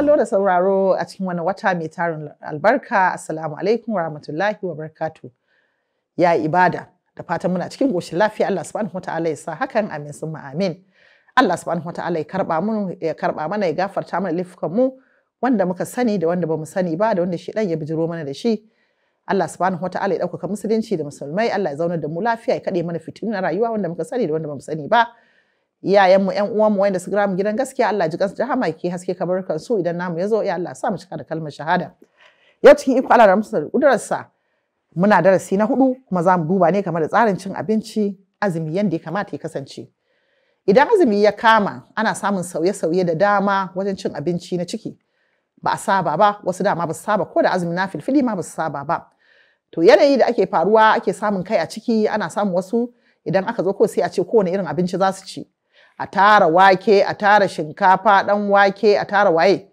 kallo da sauraro a cikin wani wata mai tarin albarka assalamu alaikum wa rahmatullahi wa barakatu ya ibada da fatan muna cikin goshin lafiya Allah subhanahu wa ta'ala ya sa hakan amin sun amin Allah subhanahu wa ta'ala ya karba mu ya karba mana ya gafarta mana laifukan mu wanda muka sani da wanda bamu sani ba da wanda shi dan ya bijiro mana da shi Allah subhanahu wa ta'ala ya dauka musulunci da musulmai Allah ya zauna da mu lafiya ya kade mana fitina rayuwa wanda muka sani da wanda bamu sani ba iyayenmu ƴan uwanmu wanda suka mu gidan gaskiya Allah ji kansu jahama ki haske ka kabarkan su idan namu ya zo ya Allah sa mu cika da kalmar shahada yau cikin iko Allah ramsa kudarsa muna darasi na hudu kuma za mu duba ne kamar da tsarin cin abinci azumi yanda ya kamata ya kasance idan azumi ya kama ana samun sauye-sauye da dama wajen cin abinci na ciki ba a saba ba wasu dama ba su saba ko da azumi na filfili ma ba su saba ba to yanayi da ake faruwa ake samun kai a ciki ana samun wasu idan aka zo ko sai a ce kowane irin abinci za su ci a tara wake a tara shinkafa dan wake a tara waye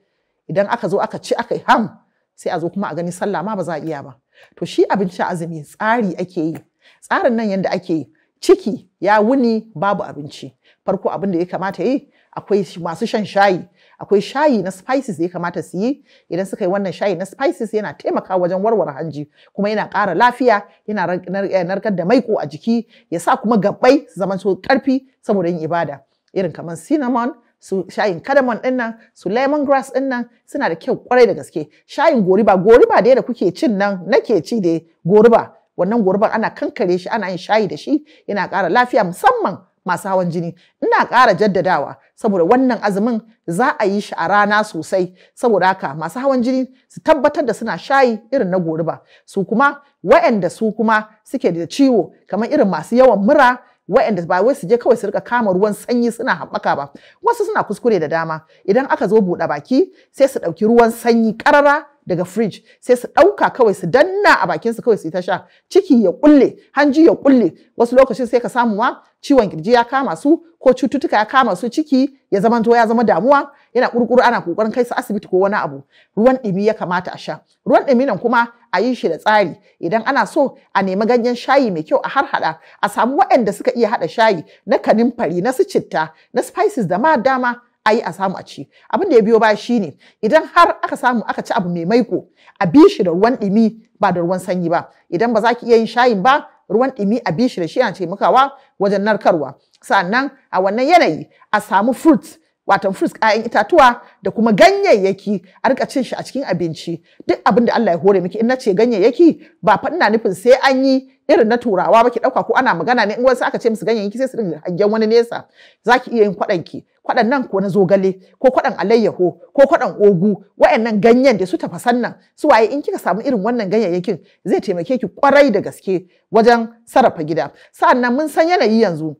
idan aka zo aka ci aka yi ham sai a zo kuma a gani sallah ma ba za a iya ba to shi abinci azumi tsari ake yi tsarin nan yadda ake yi ciki ya wuni babu abinci farko abin da ya kamata yi akwai masu shan shayi akwai shayi na spices ya kamata su yi idan suka yi wannan shayi na spices yana taimaka wajen warware hanji kuma yana ƙara lafiya yana eh, narkar da maiko a jiki ya sa kuma gabbai zaman so karfi saboda yin ibada irin kamar cinnamon su shayin cardamom din nan su lemongrass din nan suna da kyau kwarai da gaske shayin goriba goriba daya da kuke cin nan nake ci da goriba wannan goriban ana kankare shi ana yin shayi da shi yana ƙara lafiya musamman masu hawan jini ina ƙara jaddadawa saboda wannan azumin za a yi shi a rana sosai saboda haka masu hawan jini su tabbatar da suna shayi irin na goriba su kuma wa'anda su kuma suke da ciwo kamar irin masu yawan mura wa'anda ba wai su je kawai su rika kama ruwan sanyi suna haɓaka ba wasu suna kuskure da dama idan aka zo buɗe baki sai su ɗauki ruwan sanyi ƙarara daga fridge sai su ɗauka kawai su danna a bakin su kawai su yi ta sha ciki ya ƙulle, hanji ya ƙulle. wasu lokacin sai ka samu ma ciwon kirji ya kama su ko cututtuka ya kama su ciki ya zamanto ya zama damuwa yana kurkuru ana kokarin kai su asibiti ko wani abu ruwan ɗumi ya kamata a sha ruwan ɗumi nan kuma a yi shi da tsari idan ana so a nemi ganyen shayi mai kyau a harhaɗa a samu waɗanda suka iya haɗa shayi na kanimfari na su citta na spices da ma dama a yi a samu a ci abin da ya biyo ba ne idan har aka samu aka ci abu mai maiko a bi shi da ruwan ɗumi ba da ruwan sanyi ba idan ba za ki iya yin shayin ba ruwan ɗumi a bi shi da shi yana taimakawa wajen narkarwa sannan a wannan yanayi a samu fruits. watan fruits kayan itatuwa da kuma ganyayyaki a rika cin shi a cikin abinci duk abin da Allah ya hore miki in ce ganyayyaki ba fa ina nufin sai an yi irin na turawa ba ki dauka ko ana magana ne in wasu aka ce musu ganyayyaki sai su dinga hangen wani nesa zaki iya yin kwadan ki kwadan nan ko na zogale ko kwadan alayyaho ko kwadan ogu wayannan ganyen da su tafasan nan su waye in kika samu irin wannan ganyayyakin zai taimake ki kwarai da gaske wajen sarrafa gida sa'annan mun san yanayi yanzu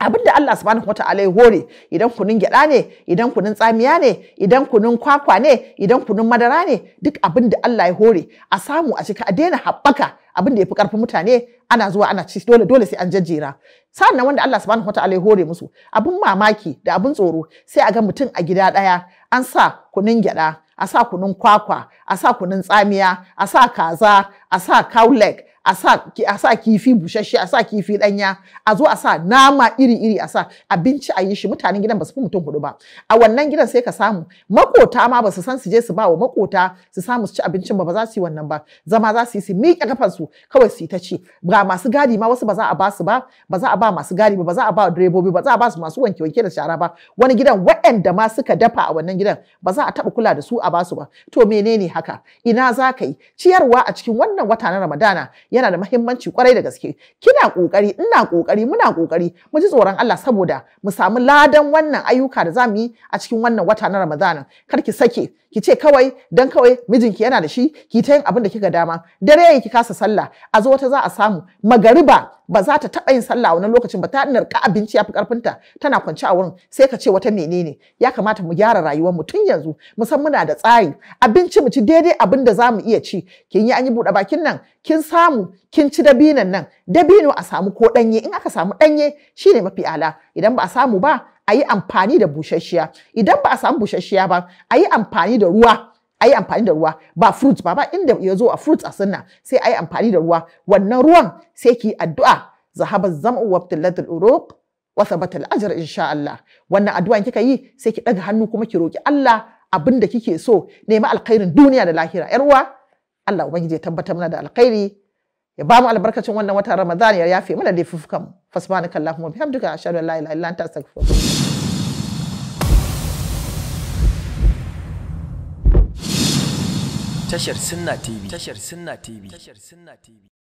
abin da Allah subhanahu wata'ala ya hore idan kunun gyada ne idan kunun tsamiya ne idan kunun kwakwa ne idan kunun madara ne duk abin da Allah ya hore a samu a cika a daina haɓaka abin da ya fi karfin mutane ana zuwa ana ci dole dole sai an jajjera sannan wanda Allah subhanahu wata'ala ya hore musu abin mamaki da abin tsoro sai a ga mutum a gida ɗaya an sa kunun gyada a sa kunun kwakwa a sa kunun tsamiya a sa kaza a sa cow leg a sa kifi bushashe a sa kifi danya a zo a sa nama iri iri a sa abinci a yi shi mutanen gidan ba su fi mutum hudu ba a wannan gidan sai ka samu makota ma ba su san su je su ba wa makota su samu su ci abincin ba ba za su yi wannan ba zama za su yi su miƙe kafan su kawai su yi ta ci ga masu gadi ma wasu ba za a ba su ba ba za a ba masu gadi ba ba za a ba direbobi ba za a ba su masu wanke wanke da shara ba wani gidan waɗanda ma suka dafa a wannan gidan ba za a taɓa kula da su a ba su ba to menene haka ina za ka yi ciyarwa a cikin wannan wata na ramadana yana da mahimmanci kwarai da gaske kina kokari ina kokari muna kokari mu ji tsoron Allah saboda mu samu ladan wannan ayyuka da zamu yi a cikin wannan wata na Ramadana. kar ki sake ki ce kawai dan kawai mijinki yana da shi ki ta yin abin da kika dama dare yayi ki kasa sallah a zo wata za a samu magariba ba za ta taɓa yin sallah wani lokacin ba ta narka abinci ya fi ƙarfinta tana kwance a wurin sai ka ce wata menene ya kamata mu gyara rayuwar mu tun yanzu mu san muna da tsari abinci mu ci daidai abin da za mu iya ci kin yi an yi buɗe bakin nan kin samu kin ci dabinan nan dabino a samu ko ɗanye in aka samu ɗanye shine mafi ala idan ba a samu ba a yi amfani da busasshiya idan ba a samu busasshiya ba a yi amfani da ruwa Ayi amfani da ruwa ba fruit ba ba inda ya zo a fruit a sunna sai ayi amfani da ruwa wannan ruwan sai ki addu'a zahaba zam'u wa tilatul uruq wa thabata al insha Allah wannan addu'a kika yi sai ki daga hannu kuma ki roki Allah abinda kike so nema alkhairin duniya da lahira yar uwa Allah ubangiji ya tabbatar mana da alkhairi ya ba mu albarkacin wannan watan Ramadan ya yafe mana da fufukan fasbanaka Allahumma bihamdika ashhadu an la ilaha illa anta astaghfiruka tashar Sunna TV tashar Sunna TV tashar Sunna TV